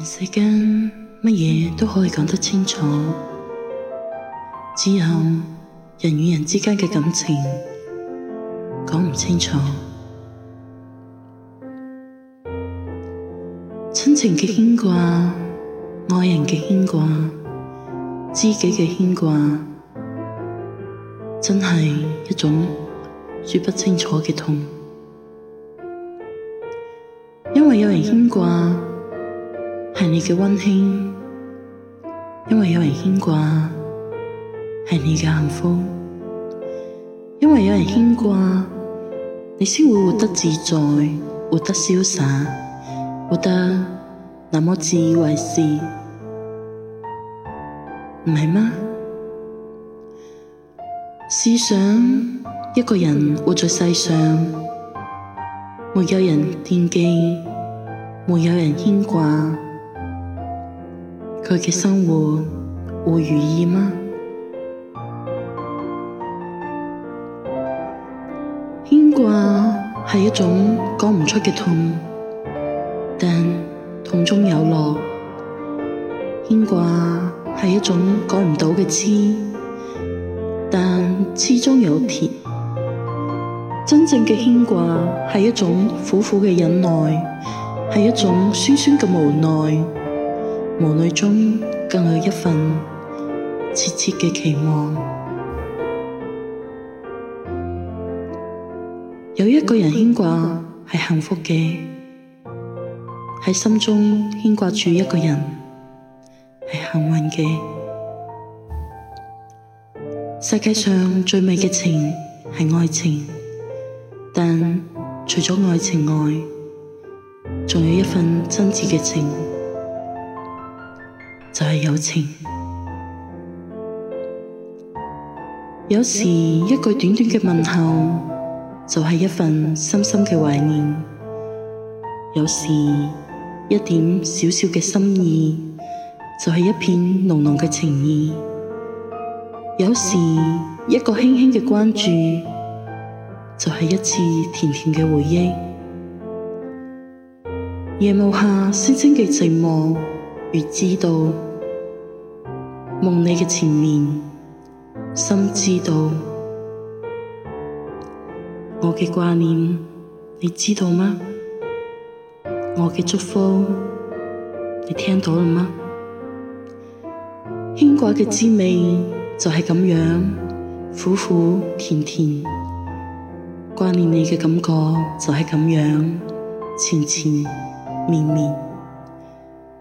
人世間，乜嘢都可以講得清楚，只有人與人之間嘅感情講唔清楚。親情嘅牽掛，愛人嘅牽掛，知己嘅牽掛，真係一種說不清楚嘅痛。因為有人牽掛。係你嘅溫馨，因為有人牽掛；係你嘅幸福，因為有人牽掛。你先會活得自在，活得瀟灑，活得那麼自以為是，唔係嗎？試想一個人活在世上，沒有人惦記，沒有人牽掛。佢嘅生活會如意嗎？牽掛係一種講唔出嘅痛，但痛中有樂；牽掛係一種講唔到嘅痴，但痴中有甜。真正嘅牽掛係一種苦苦嘅忍耐，係一種酸酸嘅無奈。無奈中更有一份切切嘅期望，有一個人牽掛係幸福嘅，喺心中牽掛住一個人係幸運嘅。世界上最美嘅情係愛情，但除咗愛情外，仲有一份真摯嘅情。就係友情，有時一句短短嘅問候，就係一份深深嘅懷念；有時一點小小嘅心意，就係一片濃濃嘅情意；有時一個輕輕嘅關注，就係一次甜甜嘅回憶。夜幕下，星星嘅寂寞。越知道夢你嘅前面，心知道我嘅掛念，你知道嗎？我嘅祝福，你聽到了嗎？牽掛嘅滋味就係咁樣，苦苦甜甜；掛念你嘅感覺就係咁樣，纏纏綿綿。